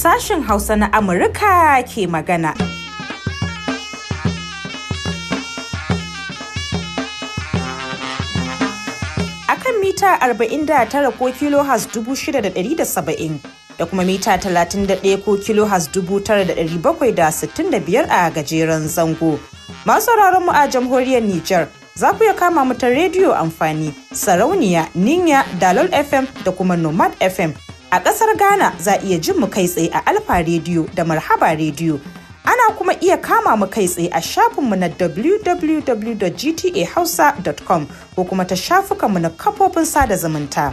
sashen Hausa na Amurka ke magana. Akan mita 49 ko kilohas shida da kuma mita 31 ko kilohas biyar a gajeren zango. Masu mu a jamhuriyar Nijar. za ku iya kama mu rediyo amfani sarauniya ninya dalol fm da kuma nomad fm A ƙasar Ghana za iya jin mu kai tsaye a Alfa Rediyo da Marhaba Rediyo, Ana kuma iya kama mu kai tsaye a shafinmu na www.gtahausa.com ko kuma ta shafukanmu na kafofin sada zumunta.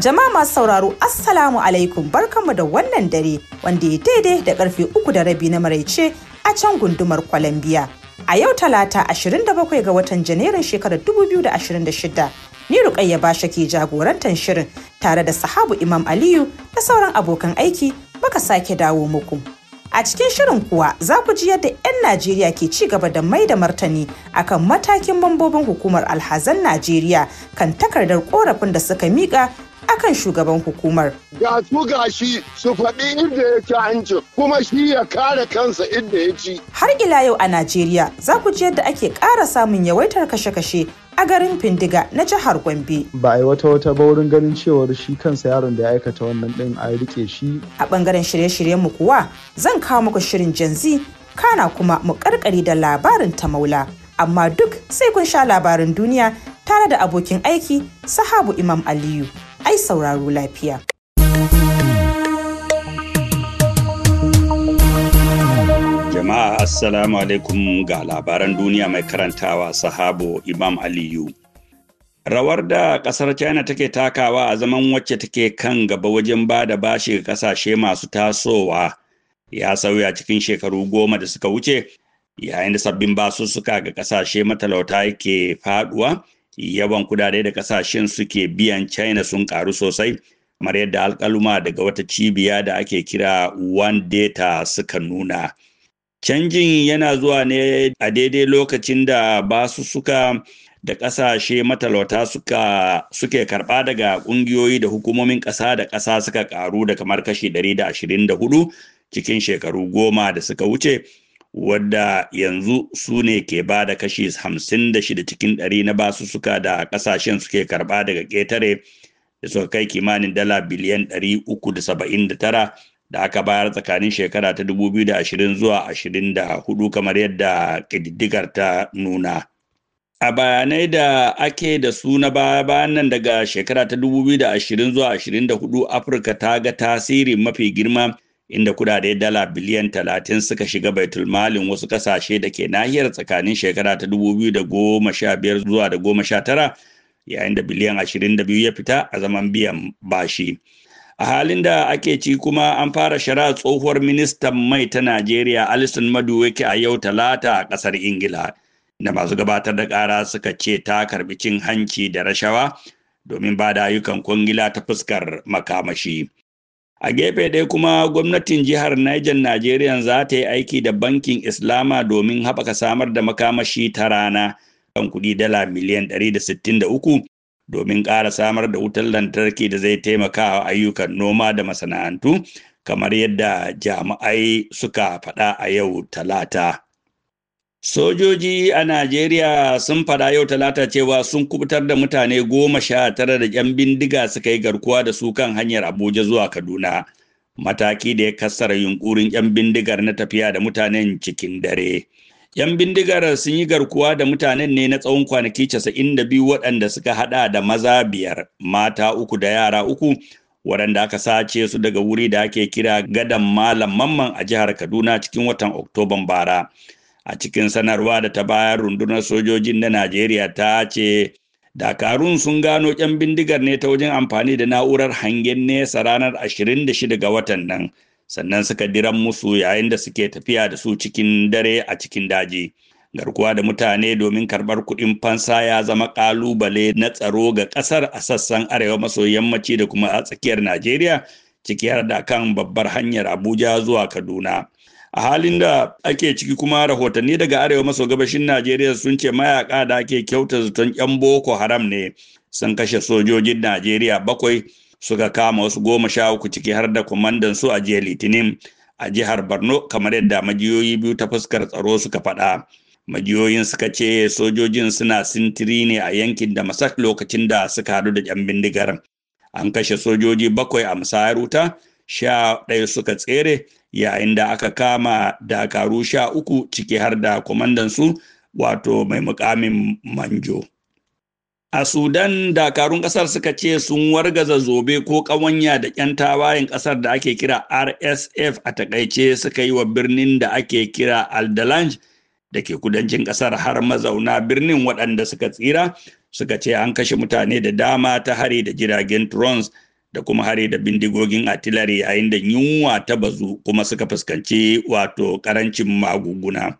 Jama'a masu sauraro Assalamu alaikum barkanmu da wannan dare wanda ya daidai da karfe uku da rabi na maraice a can gundumar Colombia. A yau talata 27 ga watan Janairun shekarar 2026 ni Rukayya Basha ke jagorantar shirin tare da sahabu Imam Aliyu da sauran abokan aiki baka sake dawo muku. A cikin shirin kuwa za ku ji yadda 'yan Najeriya ke ci gaba da mai da martani akan matakin mambobin hukumar alhazan Najeriya kan takardar korafin da suka miƙa akan shugaban hukumar. Ga su gashi su faɗi inda ya ci hancin kuma shi ya kare kansa inda ya ci. Har ila yau a Najeriya za ku ji yadda ake ƙara samun yawaitar kashe-kashe a garin Findiga na jihar Gombe. Ba a yi wata wata ba wurin ganin cewar shi kansa yaron da ya aikata wannan ɗin a rike shi. A ɓangaren shirye-shiryen mu kuwa zan kawo muku shirin janzi kana kuma mu ƙarƙari da labarin ta maula. Amma duk sai kun sha labarin duniya tare da abokin aiki sahabu Imam Aliyu. ai sauraro lafiya. Jama'a Assalamu alaikum ga labaran duniya mai karantawa sahabo Imam Aliyu. Rawar da ƙasar China take takawa a zaman wacce take kan gaba wajen ba da bashi ga ƙasashe masu tasowa ya sauya cikin shekaru goma da suka wuce yayin da sabbin basu suka ga ƙasashe matalauta yake faduwa yawan kudade da kasashen suke biyan china sun karu sosai kamar yadda alkaluma daga wata cibiya da ake kira one data suka nuna canjin yana zuwa ne a daidai lokacin da basu suka da kasashe matalauta suka suke karba daga kungiyoyi da hukumomin ƙasa da ƙasa suka karu da kamar kashi 124 cikin shekaru goma da suka wuce wadda yanzu su ne ke ba da kashi 56 cikin ɗari na basussuka da kasashen suke karɓa daga ƙetare da suka kai kimanin dala biliyan 379 da aka bayar tsakanin shekara ta 2020 zuwa 24 kamar yadda ƙididdigar ta nuna. A bayanai da ake da su na bayan nan daga shekara ta 2020 zuwa 24 Afirka ta ga tasiri mafi girma inda kudade dala biliyan talatin suka shiga baitul malin wasu kasashe da ke nahiyar tsakanin shekara ta 2015 zuwa da tara yayin da biliyan 22 ya fita a zaman biyan bashi. A halin da ake ci kuma an fara shara tsohuwar ministan mai ta Najeriya Alison Maduweke a yau talata a ƙasar Ingila, da masu gabatar da ƙara suka ce ta karbi cin hanci da rashawa domin ba da ayyukan kwangila ta fuskar makamashi. A gefe ɗaya kuma gwamnatin jihar Niger Najeriya za ta yi aiki da bankin Islama domin haɓaka samar da makamashi ta rana kan kuɗi dala miliyan 163 domin ƙara samar da wutar lantarki da zai taimaka a ayyukan noma da masana'antu kamar yadda jami'ai suka faɗa a yau talata. Sojoji a Najeriya sun fada yau talata cewa sun kubutar da mutane goma sha tara da 'yan bindiga suka yi garkuwa da su kan hanyar Abuja zuwa Kaduna. Mataki da ya kassara yunkurin 'yan bindigar na tafiya da mutanen cikin dare. 'Yan bindigar sun yi garkuwa da mutanen ne na tsawon kwanaki casa'in da biyu waɗanda suka haɗa da maza biyar, mata uku da yara uku, waɗanda aka sace su daga wuri da ake kira gadan Malam Mamman a jihar Kaduna cikin watan Oktoban bara. a cikin sanarwa da ta bayar rundunar sojojin na najeriya ta ce dakarun sun gano ƙyan bindigar ne ta wajen amfani da na'urar hangen nesa ranar 26 ga watan nan sannan suka diran musu yayin da suke tafiya da su cikin dare a cikin daji garkuwa da mutane domin karɓar kuɗin fansa ya zama ƙalubale na tsaro ga ƙasar a sassan arewa maso yammaci da kuma a tsakiyar najeriya ciki har da kan babbar hanyar abuja zuwa kaduna a halin da ake ciki kuma rahotanni daga arewa maso gabashin najeriya sun ce mayaka da ake kyauta zaton yan boko haram ne sun kashe sojojin najeriya bakwai suka kama wasu goma sha uku ciki har da kwamandan su a jiya litinin a jihar borno kamar yadda majiyoyi biyu ta fuskar tsaro suka faɗa majiyoyin suka ce sojojin suna sintiri ne a yankin da masak lokacin da suka haɗu da yan bindigar an kashe sojoji bakwai a musayar wuta sha ɗaya suka tsere yayin da aka kama dakaru sha uku ciki har da kwamandansu wato mai mukamin manjo a sudan dakarun ƙasar suka ce sun wargaza zobe ko ƙawanya da 'yan tawayen ƙasar da ake kira rsf a takaice suka yi wa birnin da ake kira aldalanj da ke kudancin ƙasar har mazauna birnin waɗanda suka tsira suka ce an kashe mutane da dama ta hari da jiragen drones. da kuma hari da bindigogin artillery yayin da yunwa ta bazu kuma suka fuskanci wato karancin magunguna.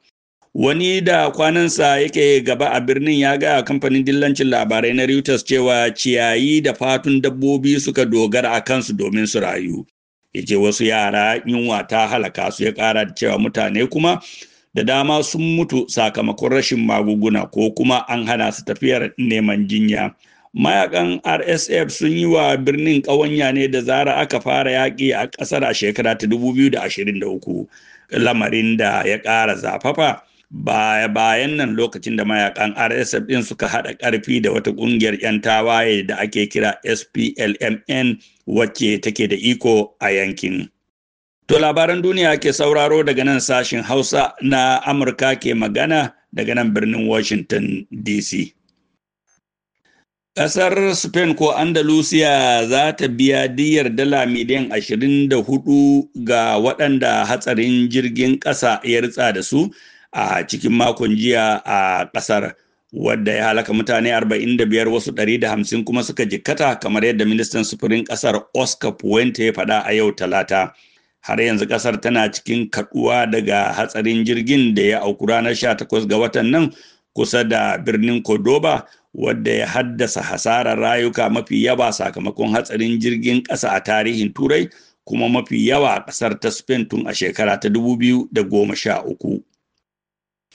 Wani da kwanansa yake gaba a birnin ya gaya kamfanin dillancin labarai na Reuters cewa ciyayi da fatun dabbobi suka dogara a kansu domin su rayu. Ije wasu yara yunwa ta halaka su ya kara da cewa mutane kuma da dama sun mutu sakamakon rashin magunguna ko kuma an hana su tafiyar neman jinya. Mayaƙan rsf sun yi wa birnin ƙawanya ne da zara aka fara yaƙi a ƙasar a shekara ta 2023 lamarin da ya ƙara zafafa baya bayan nan lokacin da mayaƙan rsf ɗin suka haɗa ƙarfi da wata ƙungiyar 'yan tawaye da ake kira splmn wacce take da iko a yankin to labaran duniya ke sauraro daga nan sashin hausa na amurka ke magana daga nan birnin washington dc Ƙasar Spain ko Andalusiya za ta biya diyar dala miliyan 24 ga waɗanda hatsarin jirgin ƙasa ya ritsa da su a cikin makon jiya a ƙasar wadda ya halaka mutane 45 wasu 150 kuma suka jikkata kamar yadda ministan sufurin ƙasar Oscar Puente ya faɗa a yau talata. Har yanzu ƙasar tana cikin kaɗuwa daga hatsarin jirgin da ya auku ranar 18 ga watan nan kusa da birnin Cordoba. wadda ya haddasa hasarar rayuka mafi yawa sakamakon hatsarin jirgin ƙasa a tarihin turai kuma mafi yawa a ƙasar ta spain tun a shekara ta 2013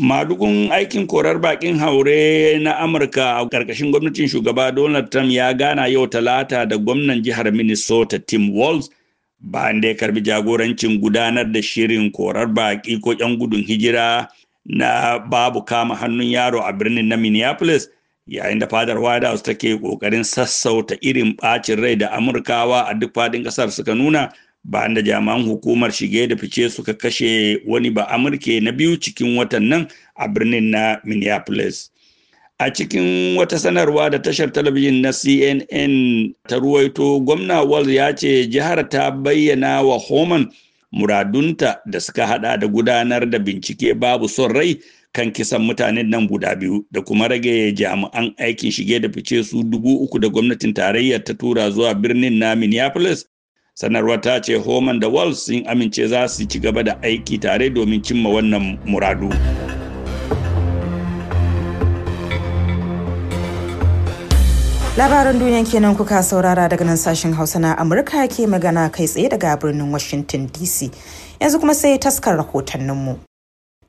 madugun aikin korar bakin haure na amurka a ƙarƙashin gwamnatin shugaba donald trump ya gana yau talata da gwamnan jihar minnesota tim walz bayan da ya karbi jagorancin gudanar da shirin korar baƙi ko 'yan gudun hijira na babu kama hannun yaro a birnin na minneapolis yayin da fadar white house take kokarin sassauta irin bacin rai da amurkawa a duk fadin kasar suka nuna ba da jami'an hukumar shige da fice suka kashe wani ba amurke na biyu cikin watan nan a birnin na minneapolis a cikin wata sanarwa da tashar talabijin na cnn ta ruwaito gwamna wall ya ce jihar ta bayyana wa homan muradunta da suka hada da gudanar da bincike babu son rai kan kisan mutanen nan guda biyu da kuma rage jami'an aikin shige da fice su dubu uku da gwamnatin tarayyar ta tura zuwa birnin na Minneapolis. Sanarwa ta ce Homan da Walls sun amince za su ci gaba da aiki tare domin cimma wannan muradu. Labaran duniyar kenan kuka saurara daga nan sashen Hausa na Amurka ke magana kai tsaye daga birnin Washington DC. Yanzu kuma sai taskar rahotanninmu.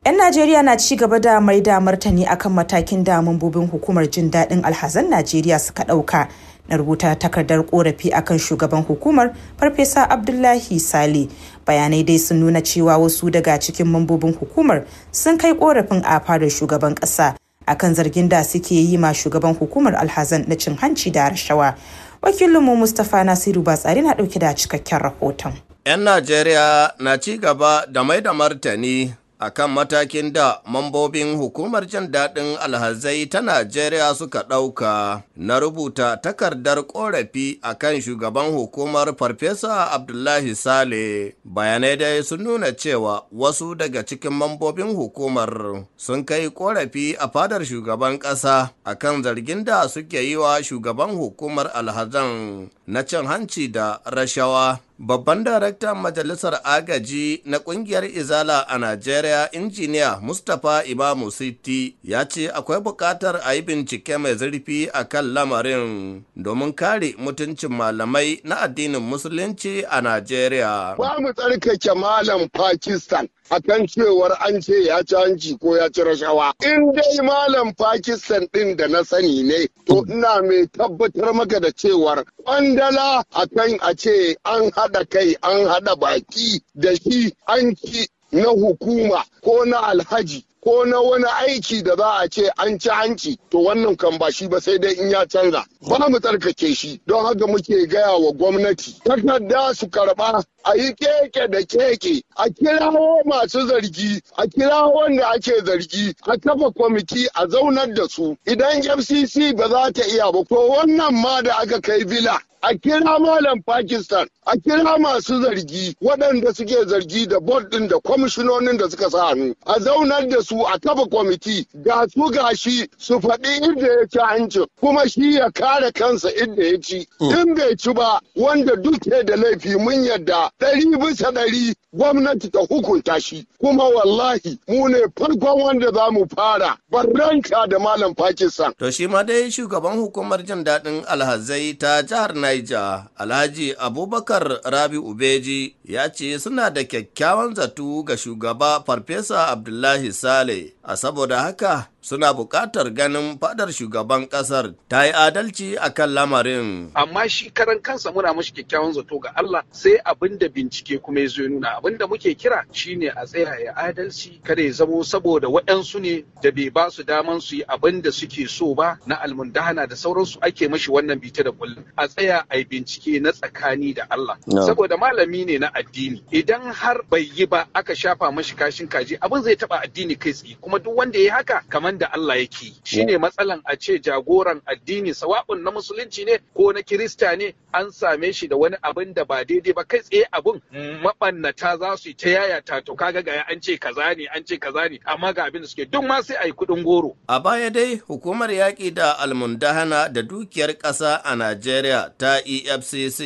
'Yan Najeriya na ci gaba da mai da martani akan matakin da mambobin hukumar jin daɗin alhazan Najeriya suka ɗauka na rubuta takardar korafi akan shugaban hukumar Farfesa Abdullahi Sale. Bayanai dai sun nuna cewa wasu daga cikin mambobin hukumar sun kai korafin a fadar shugaban ƙasa akan zargin da suke yi ma shugaban hukumar alhazan na cin hanci da rashawa. Wakilinmu Mustapha Nasiru Batsari na ɗauke da cikakken rahoton. 'Yan Najeriya na ci gaba da mai da martani Akan matakin da mambobin hukumar jin daɗin alhazai ta Najeriya suka ɗauka na rubuta takardar ƙorafi a kan shugaban hukumar Farfesa Abdullahi Sale. Bayanai dai sun nuna cewa wasu daga cikin mambobin hukumar sun kai ƙorafi a fadar shugaban ƙasa a kan zargin da suke yi wa shugaban hukumar alhazan na cin hanci da rashawa. Babban daraktan Majalisar Agaji na ƙungiyar Izala a Najeriya, Injiniya Mustapha Imamu Siti, ya ce akwai buƙatar a yi bincike mai zurfi a kan lamarin domin kare mutuncin malamai na addinin Musulunci a Najeriya. Ba mu tsarkake malam Pakistan. akan cewar an ce ya ci hanci ko ya ci rashawa. In dai malam Pakistan ɗin da na sani ne, to ina mai tabbatar maka da cewar kwandala akan a ce an haɗa kai an haɗa baki da shi an ci na hukuma ko na alhaji ko na wani aiki da za a ce an ci hanci to wannan kan ba shi ba sai dai in ya canza ba mu tsarkake shi don haka muke gaya wa gwamnati takarda su karba a yi keke da keke a kirawo masu zargi a kirawo wanda ake zargi a kafa kwamiti a zaunar da su idan fcc ba za ta iya ba ko wannan ma da aka kai vila a kira malam Pakistan, a kira masu zargi waɗanda suke zargi da board ɗin da kwamishinonin da suka sa hannu, a zaunar da su a kafa kwamiti ga su ga shi su faɗi inda ya ci hancin kuma shi ya kare kansa inda ya ci. Mm. In bai ci ba wanda duke da laifi mun yadda ɗari bisa ɗari gwamnati ta hukunta shi kuma wallahi mu ne farkon wanda za mu fara barranka da malam Pakistan. To shi ma dai shugaban hukumar jin daɗin alhazai ta jihar Niger, Alhaji Abubakar Rabi Ubeji ya ce suna da kyakkyawan zato ga shugaba Farfesa Abdullahi Sale a saboda haka suna buƙatar ganin fadar shugaban ƙasar ta yi adalci a kan lamarin. Amma shi karan kansa muna mashi kyakkyawan zato ga Allah sai abin da bincike kuma ya zo nuna abin da muke kira shine a tsaya ya adalci kada ya zamo saboda waɗansu ne da bai ba su daman su yi abin da suke so ba na almundahana da sauransu ake mashi wannan bita da kullum a tsaya a yi bincike na tsakani da Allah. Saboda malami ne na addini idan har bai yi ba aka shafa mashi kashin kaji abin zai taɓa addini kai tsaye kuma duk wanda ya haka kamar da Allah yake shine matsalan a ce jagoran addini sawa'un na musulunci ne ko na kirista ne an same shi da wani abin da ba daidai ba kai tsaye abun mm-hmm. mabannata za su yi ta yaya ta to kaga ga an ce kaza ne an ce kaza ne amma ga abin da suke duk ma sai a yi kuɗin goro. A baya dai hukumar yaƙi da almundahana da dukiyar ƙasa a Najeriya ta EFCC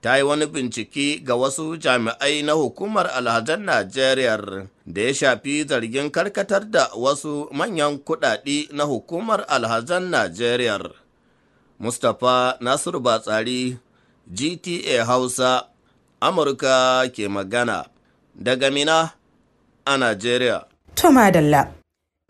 ta yi wani bincike ga wasu jami'ai na hukumar alhazan Najeriya da ya shafi zargin karkatar da wasu manyan kudade na hukumar alhazan Najeriya. Mustapha Nasiru Batsari, GTA Hausa, Amurka ke magana, daga Mina a Najeriya. Tuma Dalla.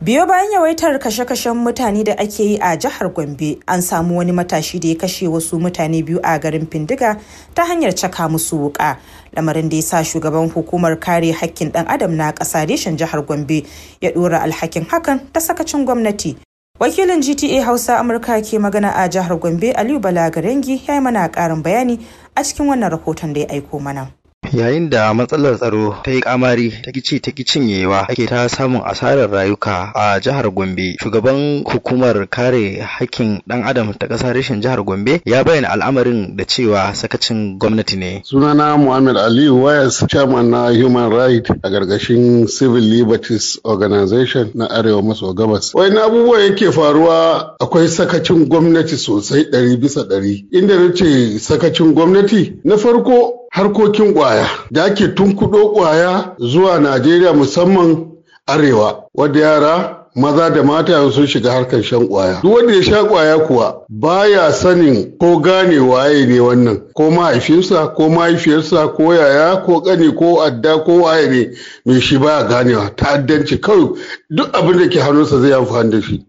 Biyo bayan yawaitar kashe-kashen mutane da ake yi a jihar Gombe, an samu wani matashi da ya kashe wasu mutane biyu a garin Findiga ta hanyar caka musu wuka. Lamarin da ya sa shugaban hukumar kare hakkin ɗan adam na ƙasa reshen jihar Gombe ya ɗora alhakin hakan ta sakacin gwamnati. Wakilin GTA Hausa Amurka ke magana a jihar Gombe Aliyu Bala Garengi ya yi mana ƙarin bayani a cikin wannan rahoton da ya aiko mana. Yayin da matsalar tsaro ta yi kamari ta ci ta cinyewa ake ta samun asarar rayuka a jihar Gombe. Shugaban hukumar kare hakkin ɗan adam ta ƙasar rashin jihar Gombe ya bayyana al'amarin da cewa sakacin gwamnati ne. Sunana Muhammad Aliyu Wayas, chairman na Human Rights a gargashin Civil Liberties Organization na Arewa maso gabas. Wai na abubuwa yake faruwa akwai sakacin gwamnati sosai ɗari bisa ɗari. Inda na sakacin gwamnati na farko harkokin kwaya da ake tunkuɗo ƙwaya zuwa Najeriya musamman arewa wadda yara maza da mata sun shiga harkar shan kwaya Duk wanda ya sha kwaya kuwa baya sanin ko gane waye ne wannan ko mahaifinsa ko mahaifiyarsa ko yaya ko kani ko adda ko waye ne mai shi baya ganewa ta'addanci kawai duk abin da ke hannunsa zai amfani da shi.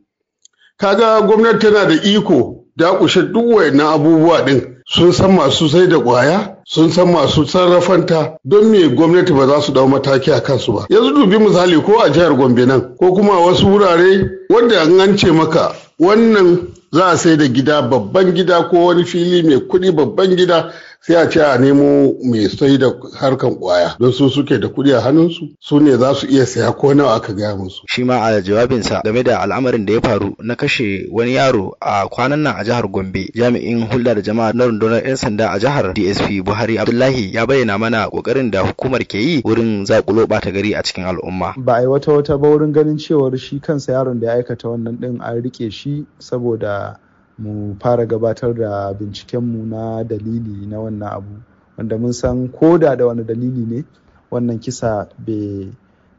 Kaga gwamnati tana da iko dakushe duk wayannan abubuwa din. sun san masu sai da ƙwaya sun san masu sarrafanta don me gwamnati ba za su dau mataki a kansu ba yanzu dubi misali ko a jihar gombe nan ko kuma wasu wurare wanda an ance maka wannan za a sai da gida babban gida ko wani fili mai kuɗi babban gida sai a ce a nemo mai sai da harkan kwaya don su suke da kuɗi a hannunsu su ne za su iya saya ko nawa aka gaya musu. Shi ma a jawabinsa game da al'amarin da ya faru na kashe wani yaro a kwanan nan a jihar Gombe jami'in hulɗa da jama'a na rundunar 'yan sanda a jihar DSP Buhari Abdullahi ya bayyana mana kokarin da hukumar ke yi wurin zakulo ɓata gari a cikin al'umma. Ba a yi wata wata ba wurin ganin cewar shi kansa yaron da ya aikata wannan ɗin an riƙe shi saboda mu fara gabatar da mu na dalili na wannan abu wanda mun san koda da wani dalili ne wannan kisa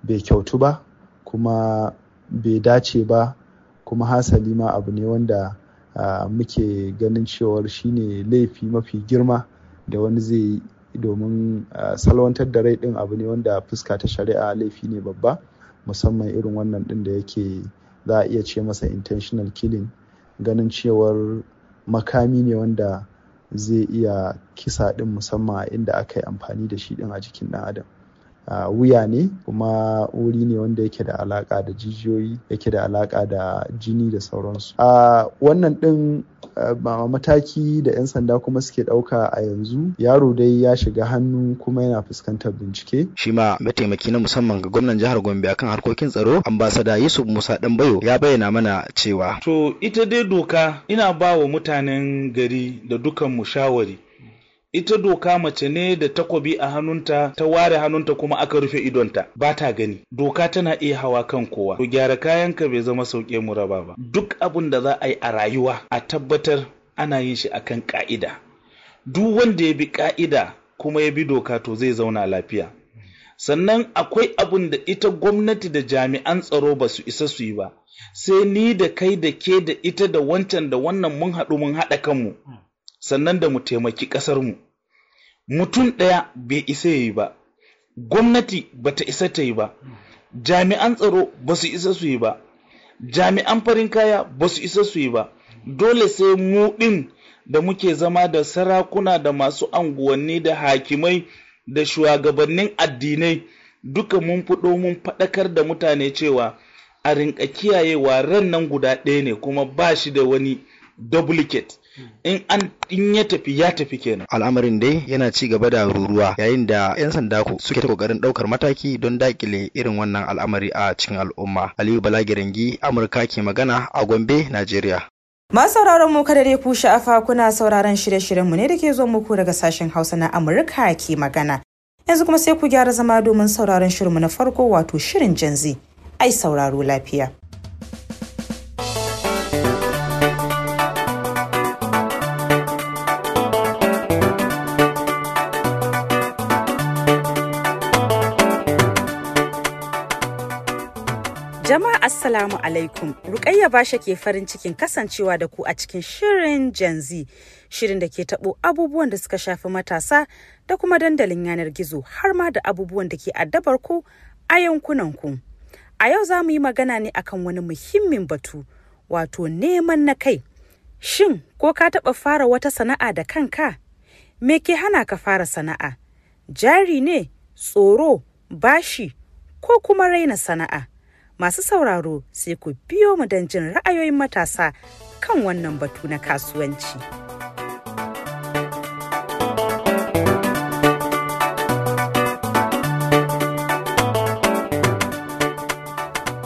bai kyautu ba kuma bai dace ba kuma hasali ma abu ne wanda uh, muke ganin cewar shine laifi mafi girma da wani zai domin uh, salwantar da rai din abu ne wanda fuska ta shari'a laifi ne babba musamman irin wannan din da yake za a iya ce masa intentional killing ganin cewar makami ne wanda zai iya kisa din musamman inda aka yi amfani da shi din a jikin ɗan adam wuya ne kuma wuri ne wanda yake da alaka da jijiyoyi yake da alaka da jini da sauransu a wannan din mataki da 'yan sanda kuma suke ɗauka a yanzu yaro dai ya shiga hannu kuma yana fuskantar bincike. Shi ma mataimaki na musamman ga gwamnan jihar Gombe akan harkokin tsaro ambasada Yusuf Musa Dambayo ya bayyana mana cewa. To ita dai doka ina ba wa mutanen gari da dukan mu shawari ita doka mace ne da takobi a hannunta ta ware hannunta kuma aka rufe idonta ba ta gani doka tana iya hawa kan kowa to gyara kayanka bai zama sauke mu raba ba duk abin da za a yi a rayuwa a tabbatar ana yin shi akan ka'ida duk wanda ya bi ka'ida kuma ya bi doka to zai zauna lafiya sannan akwai abin da ita gwamnati da jami'an tsaro ba su isa su yi ba sai ni da kai da ke da ita da wancan da wannan mun haɗu mun haɗa kanmu sannan da mu taimaki ƙasarmu mutum ɗaya bai isa ya yi ba gwamnati ba ta isa ta yi ba jami'an tsaro ba su isa su yi ba jami'an farin kaya ba su isa su yi ba dole sai mu ɗin da muke zama da sarakuna da masu anguwanni da hakimai da shugabannin addinai duka mun fito mun faɗakar da mutane cewa a rinƙa kiyayewa ran nan guda ɗaya ne kuma ba shi da wani duplicate in an in ya tafi ya tafi kenan al'amarin dai yana ci gaba da ruruwa yayin da yan sanda suke ta kokarin daukar mataki don dakile irin wannan al'amari a cikin al'umma aliyu balagirangi amurka ke magana a gombe najeriya Masu sauraron mu kada dai ku sha'afa kuna sauraron shirye-shiryen mu ne da ke zo muku daga sashen Hausa na Amurka ke magana. Yanzu kuma sai ku gyara zama domin sauraron shirinmu na farko wato shirin janzi. Ai sauraro lafiya. Assalamu alaikum. Rukayya Basha ke farin cikin kasancewa da ku a cikin shirin janzi, shirin da ke tabo abubuwan da suka shafi matasa da kuma dandalin yanar gizo har ma da abubuwan da ke addabar ku a yankunan ku. A yau za mu yi magana ne akan wani muhimmin batu, wato neman na kai. Shin ko ka taɓa fara wata sana'a da kanka? Me ke hana ka fara sana'a? Jari ne, tsoro, bashi, ko kuma raina sana'a? Masu sauraro sai ku biyo mu don jin ra'ayoyin matasa kan wannan batu na kasuwanci.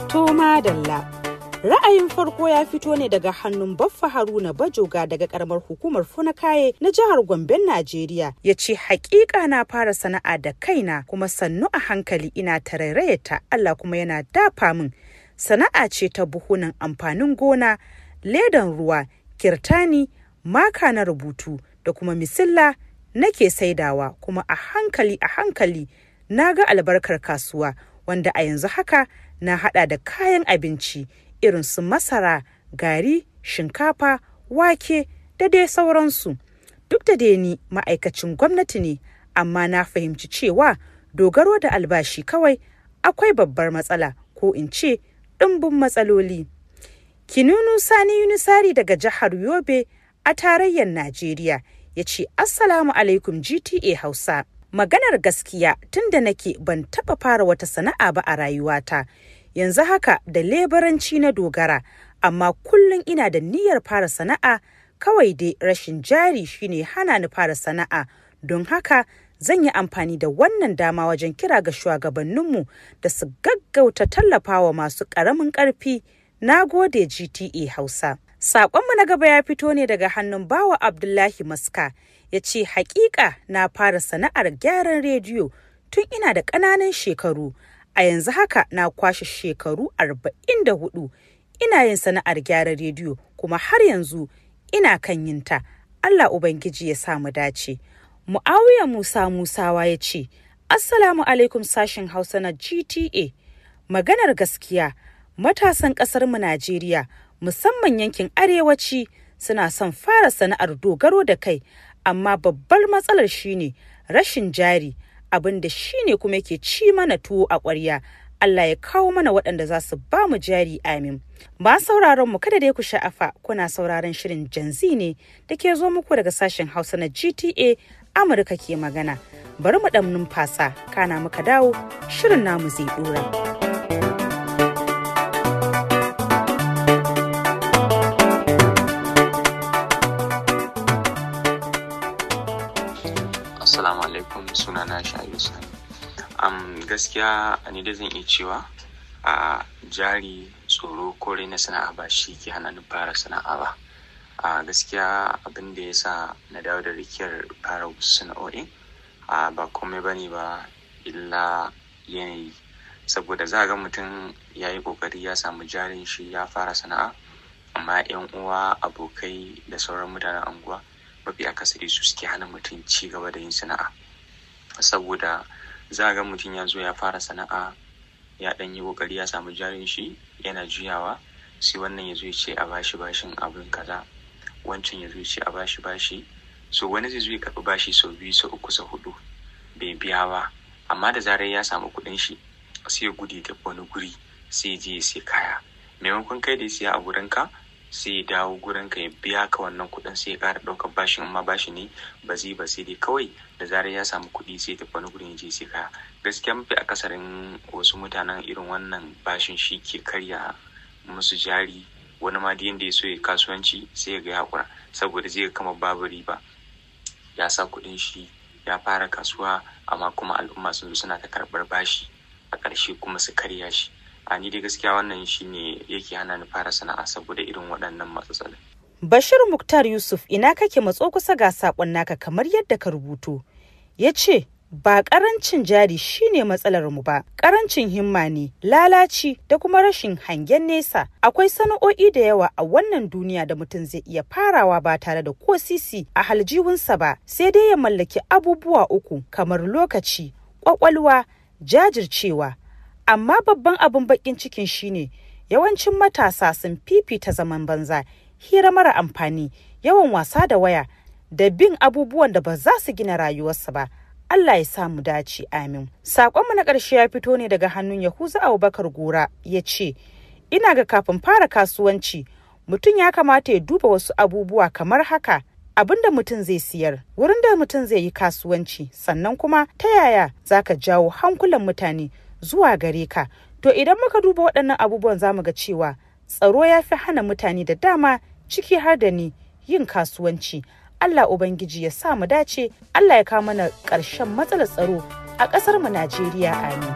To madalla. Ra'ayin farko ya fito ne daga hannun Baffa Haruna Bajoga daga karamar hukumar Funakaye na jihar Gomben Najeriya. Ya ce hakika na fara sana'a da kaina kuma sannu a hankali ina ta Allah kuma yana dafa min. Sana'a ce ta buhunan amfanin gona, ledan ruwa, kirtani, maka na rubutu da kuma misilla nake saidawa kuma a hankali a hankali na ga albarkar kasuwa wanda a yanzu haka na hada da kayan abinci irin su masara gari shinkafa wake da dai sauransu duk da dai ni ma'aikacin gwamnati ne amma na fahimci cewa dogaro da albashi kawai akwai babbar matsala ko in ce ɗimbin matsaloli kinunu sani yunisari daga jihar yobe a tarayyar najeriya ya ce assalamu alaikum gta hausa maganar gaskiya tunda nake ban taɓa fara wata sana'a ba a rayuwata yanzu haka da lebaranci na dogara amma kullum ina da niyyar fara sana'a kawai dai rashin jari shine hana ni fara sana'a don haka zan yi amfani da wannan dama wajen kira ga shugabanninmu da su gaggauta tallafawa masu ƙaramin ƙarfi na gode gta hausa Saƙonmu na gaba ya fito ne daga hannun bawa Abdullahi Maska ya ce haƙiƙa na fara sana'ar gyaran rediyo tun ina da ƙananan shekaru A yanzu haka na kwashe shekaru 44 ina yin sana'ar gyara rediyo kuma har yanzu ina kan yin ta. Allah Ubangiji ya sa mu dace. Mu'awiya Musa Musawa ya ce, Assalamu alaikum sashen Hausa na GTA. Maganar gaskiya, matasan ƙasarmu Najeriya, musamman yankin Arewaci, suna son fara sana'ar dogaro da kai, amma babbar matsalar shine rashin jari. abin da shi ne kuma yake ci mana tuwo a ƙwarya Allah ya kawo mana waɗanda za su ba mu jari amin. Ba sauraron mu kada dai ku sha'afa kuna sauraron shirin janzi ne da ke zo muku daga sashen Hausa na GTA Amurka ke magana. Bari mu ɗan numfasa kana muka dawo shirin namu zai ɗora. alaikum suna na um, gaskiya ni da zan iya cewa a jari tsoro ko na sana'a ba shi ke hana ni fara sana'a ba a gaskiya abin da ya sa na dawo da rikiyar fara wasu sana'o'i a ba komai ba ne ba illa yanayi saboda za ga mutum ya yi kokari ya samu jarin shi ya fara sana'a amma yan uwa abokai da sauran mutanen anguwa mafi akasari su suke hana mutum ci gaba da yin sana'a saboda za a ga mutum ya zo ya fara sana'a ya ɗan yi ƙoƙari ya samu jarin shi yana juyawa sai wannan ya zo ya ce a bashi bashin abin kaza wancan ya zo ya ce a bashi bashi so wani zai zo ya karɓi bashi sau biyu sau uku sau hudu bai biya ba amma da zarar ya samu kuɗin shi sai ya ya tafi wani guri sai ya je ya sai kaya maimakon kai da ya siya a gurinka sai ya dawo gurin ka ya biya ka wannan kuɗin sai ya kara ɗaukar bashin amma bashi ne ba zai ba sai dai kawai da zarar ya samu kuɗi sai ya tafi gurin ya je sai ka gaskiya mafi akasarin wasu mutanen irin wannan bashin shi ke karya musu jari wani ma da ya so ya kasuwanci sai ya ga ya kura saboda zai kama babu riba ya sa kuɗin shi ya fara kasuwa amma kuma al'umma sun zo suna ta karɓar bashi a ƙarshe kuma su karya shi a ni dai gaskiya wannan shine yake hana ni fara sana'a saboda irin waɗannan matsaloli. Bashir Muktar Yusuf ina kake matso kusa ga sakon naka kamar yadda ka rubuto ya ce ba ƙarancin jari shine matsalar mu ba ƙarancin himma ne lalaci da kuma rashin hangen nesa akwai sana'o'i da yawa a wannan duniya da mutum zai iya farawa ba tare da ko sisi a haljiwunsa ba sai dai ya mallaki abubuwa uku kamar lokaci kwakwalwa jajircewa Amma babban abin bakin cikin shine yawancin matasa sun fifita zaman banza, hira mara amfani, yawan wasa da waya, da bin abubuwan da ba za su gina rayuwarsa ba. Allah ya sa mu dace amin. Saƙonmu na ƙarshe ya fito ne daga hannun Yahuza Abubakar Gora ya ce, Ina ga kafin fara kasuwanci, mutum ya kamata ya duba wasu abubuwa kamar haka abin da mutum zai siyar wurin da mutum zai yi kasuwanci sannan kuma ta yaya za ka jawo hankulan mutane zuwa gare ka to idan muka duba waɗannan abubuwan za mu ga cewa tsaro ya fi hana mutane da dama ciki har da ni yin kasuwanci Allah Ubangiji ya sa mu dace Allah ya kawo mana ƙarshen matsalar tsaro a ƙasar mu Najeriya amin.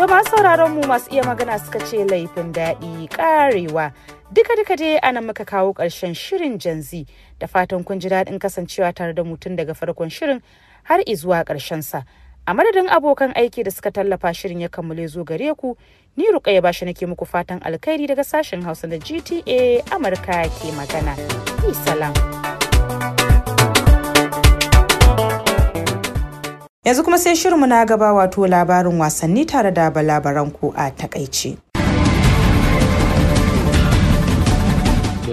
To masu sauraron mu masu iya magana suka ce laifin daɗi ƙarewa duka duka dai ana muka kawo ƙarshen shirin janzi da fatan kun ji daɗin kasancewa tare da mutum daga farkon shirin har izuwa sa a madadin abokan aiki da suka tallafa shirin ya kammale zo gare ku ni ruƙaya bashi nake muku fatan alkhairi daga sashen hausa da gta amurka ke magana salam yanzu kuma sai shirinmu na gaba wato labarin wasanni tare da balabaranku a takaice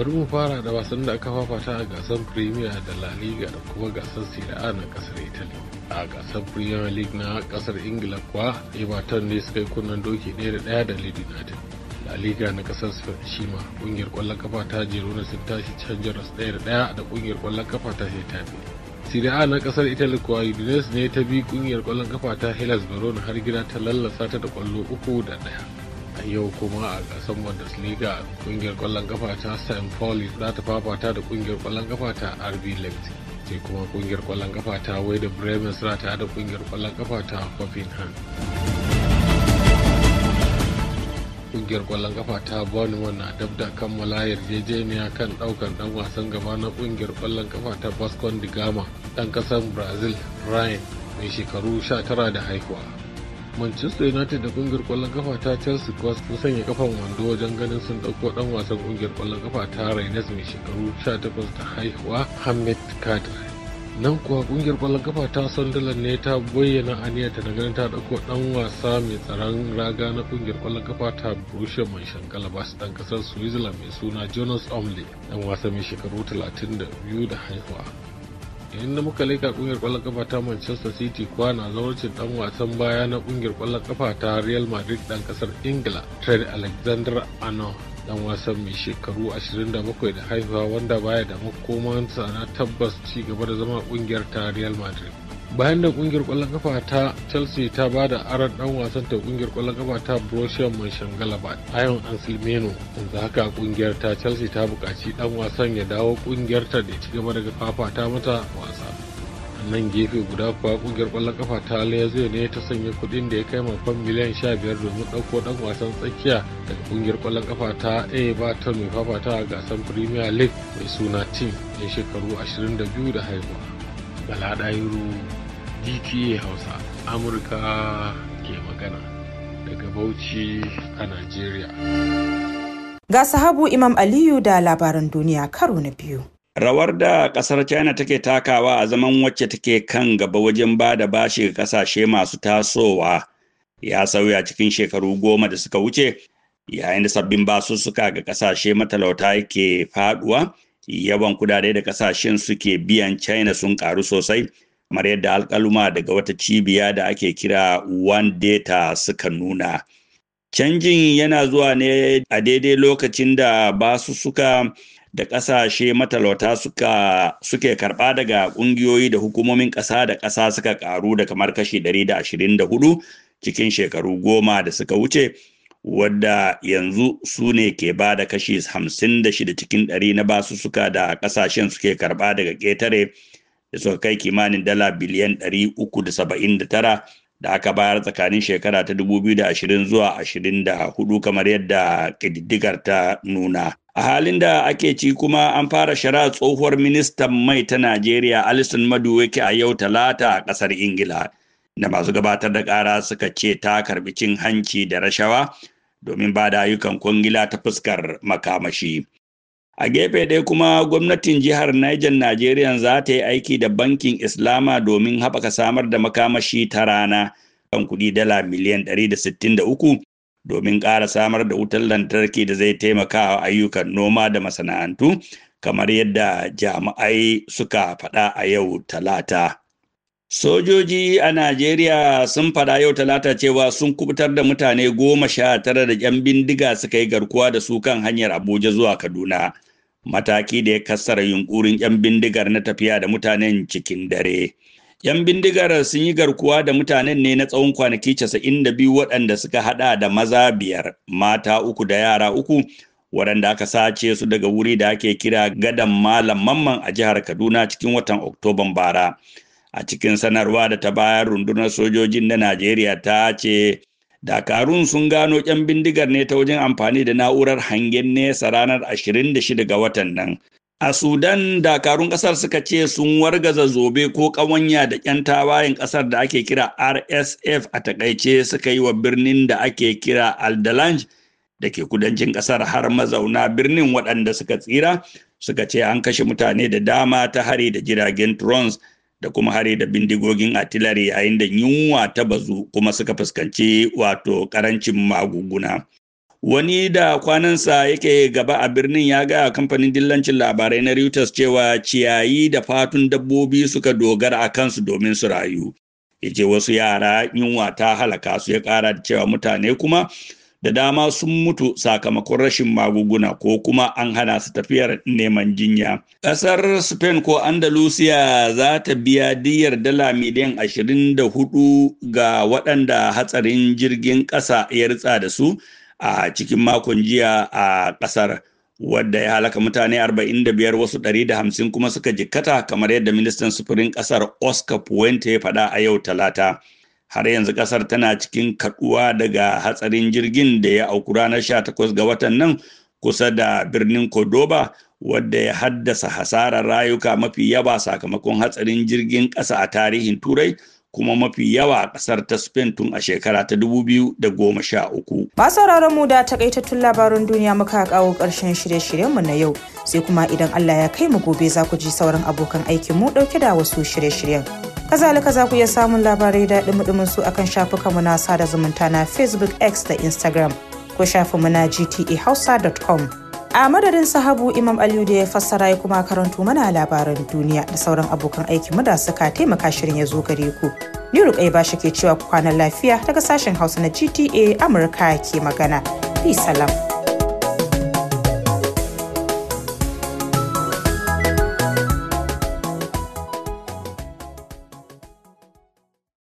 bari mu fara da wasan da aka fafata a gasar premier da la liga da kuma gasar siri'a a na kasar italy a gasar premier league na kasar ingila kuwa everton ne suka yi kunnen doki daya da ɗaya da lead united la liga na kasar spain shi ma kungiyar kwallon kafa ta girona sun tashi can jaras ɗaya da daya da kungiyar kwallon kafa ta hetafe serie a na kasar italy kuwa udinese ne ta bi ƙungiyar kwallon kafa ta hellas verona har gida ta lallasa ta da kwallo uku da ɗaya yau kuma a kasan bundesliga kungiyar kwallon kafa ta st pauli za ta fafata da kungiyar kwallon kafa ta rb leipzig sai kuma kungiyar kwallon kafa ta wai da bremen za ta da kungiyar kwallon kafa ta hoffenheim kungiyar kwallon kafa ta Bournemouth na dab da kammala yarjejeniya kan daukar dan wasan gaba na kungiyar kwallon kafa ta Vasco da Gama dan kasar Brazil Ryan mai shekaru 19 da haihuwa. manchester united da kungiyar kwallon kafa ta chelsea kuwa sun sanya kafan wando wajen ganin sun dauko dan wasan kungiyar kwallon kafa ta raines mai shekaru 18 da haihuwa hamid kadir nan kuwa kungiyar kwallon kafa ta sunderland ne ta bayyana aniyarta na ganin ta dauko dan wasa mai tsaron raga na kungiyar kwallon kafa ta Borussia Mönchengladbach dan kasar Switzerland mai suna Jonas Omley dan wasa mai shekaru 32 da haihuwa yayin da muka leka kungiyar kwallon kafa ta manchester city kuwa na zauracin dan wasan baya na kungiyar kwallon kafa ta real madrid dan kasar ingila trent alexander arnold dan wasan mai shekaru 27 da haifa wanda baya da makomansa na tabbas ci gaba da zama kungiyar ta real madrid bayan da kungiyar kwallon kafa ta chelsea ta ba da aron dan wasan ta kungiyar kwallon kafa ta borussia mönchengladbach ayon anselmeno yanzu haka kungiyar ta chelsea ta bukaci dan wasan ya dawo kungiyar ta da ci gaba daga fafata mata wasa nan gefe guda kuwa kungiyar kwallon kafa ta Lazio ne ta sanya kuɗin da ya kai mafan miliyan 15 domin ɗauko ɗan wasan tsakiya daga kungiyar kwallon kafa ta a ta mai fafata a gasar Premier League mai suna Tim mai shekaru 22 da haihuwa. Bala ruru GTA Hausa Amurka ke magana daga Bauchi a Najeriya. Ga sahabu Imam Aliyu da labaran duniya karo na biyu. Rawar da ƙasar China take takawa a zaman wacce take kan gaba wajen ba da bashi ga ƙasashe masu tasowa ya sauya cikin shekaru goma da suka wuce yayin da sabbin basussuka ga ƙasashe matalauta ke faduwa yawan kudade da ƙasashen suke biyan China sun ƙaru sosai. kamar yadda alƙaluma daga wata cibiya da ake kira one data suka nuna canjin yana zuwa ne a daidai lokacin da basussuka da ƙasashe matalauta suka suke karɓa daga ƙungiyoyi da hukumomin ƙasa da ƙasa suka ƙaru da kamar kashi 124 cikin shekaru goma da suka wuce wadda yanzu su ne ke ba da kashi 56 cikin ɗari na basussuka da ƙasashen suke karɓa daga ƙetare da suka kai kimanin dala biliyan 379 da aka bayar tsakanin shekara ta 2020 zuwa 24 kamar yadda ƙididdigar ta nuna. A halin da ake ci kuma an fara shara tsohuwar ministan mai ta Najeriya Alison Maduweke a yau talata a ƙasar Ingila. Da masu gabatar da ƙara suka ce ta karɓi cin hanci da rashawa domin ba da ayyukan kwangila ta fuskar makamashi. A gefe ɗaya kuma gwamnatin jihar Niger Najeriya za ta yi aiki da bankin Islama domin haɓaka samar da makamashi ta rana kan kuɗi dala miliyan 163 domin ƙara samar da wutar lantarki da zai taimaka wa ayyukan noma da masana'antu kamar yadda jami'ai suka faɗa a yau talata. Sojoji a Najeriya sun fada yau talata cewa sun kubutar da mutane goma sha tara da 'yan bindiga suka yi garkuwa da su kan hanyar Abuja zuwa Kaduna. Mataki da ya kassara yunkurin 'yan bindigar na tafiya da mutanen cikin dare. 'Yan bindigar sun yi garkuwa da mutanen ne na tsawon kwanaki casa'in da biyu waɗanda suka haɗa da maza biyar, mata uku da yara uku, waɗanda aka sace su daga wuri da ake kira gadan Malam Mamman a jihar Kaduna cikin watan Oktoban bara. a cikin sanarwa da ta bayar rundunar sojojin na najeriya ta ce dakarun sun gano ƙyan bindigar ne ta wajen amfani da na'urar hangen nesa ranar 26 ga watan nan a sudan dakarun ƙasar suka ce sun wargaza zobe ko ƙawanya da ƙyan tawayen ƙasar da ake kira rsf a takaice suka yi wa birnin da ake kira aldalanj da ke kudancin ƙasar har mazauna birnin waɗanda suka tsira suka ce an kashe mutane da dama ta hari da jiragen trons da kuma hari da bindigogin artillery yayin da yunwa ta bazu kuma suka fuskanci wato karancin magunguna. Wani da kwanansa yake gaba a birnin ya gaya kamfanin dillancin labarai na Reuters cewa ciyayi da fatun dabbobi suka dogara a kansu domin su rayu. Yace wasu yara yunwa ta halaka su ya kara da cewa mutane kuma da dama sun mutu sakamakon rashin magunguna ko kuma an hana su tafiyar neman jinya. Ƙasar Spain ko andalusia za ta biya diyar dala miliyan 24 ga waɗanda hatsarin jirgin ƙasa ya ritsa da su a cikin makon jiya a ƙasar. wadda ya halaka mutane 45 wasu 150 kuma suka jikkata kamar yadda ministan sufurin Ƙasar oscar puente ya faɗa a yau talata har yanzu kasar tana cikin kaduwa daga hatsarin jirgin da ya auku ranar 18 ga watan nan kusa da birnin Cordoba wadda ya haddasa hasarar rayuka mafi yawa sakamakon hatsarin jirgin kasa a tarihin Turai kuma mafi yawa a kasar ta Spain tun a shekara ta 2013. Ba sauraron mu da takaitattun labaran duniya muka kawo karshen shirye-shiryenmu na yau sai kuma idan Allah ya kai mu gobe za ku ji sauran abokan aikin mu ɗauke da wasu shirye-shiryen. kazalika za ku iya samun labarai da dumudumin su akan shafukanmu na sada zumunta na facebook x da instagram ko shafinmu na gtehausa.com a madadin sahabu imam aliyu da ya fassara ya kuma karanto mana labaran duniya da sauran abokan aiki mu da suka taimaka shirin ya zo gare ku ni rukai ba shi ke cewa kwanan lafiya daga sashen hausa na gta amurka ke magana bi salam